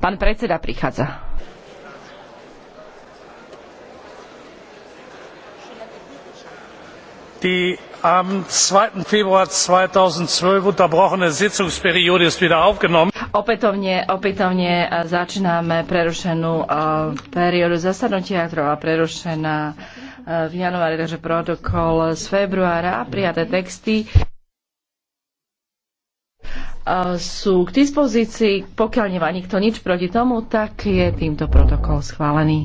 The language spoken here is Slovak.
Pán predseda prichádza. Die am 2. Februar 2012 unterbrochene Sitzungsperiode ist wieder aufgenommen. Opätovne, opätovne e, začíname prerušenú e, periódu zasadnutia, ktorá bola prerušená e, v januári, takže protokol z februára a prijaté texty sú k dispozícii. Pokiaľ nemá nikto nič proti tomu, tak je týmto protokol schválený.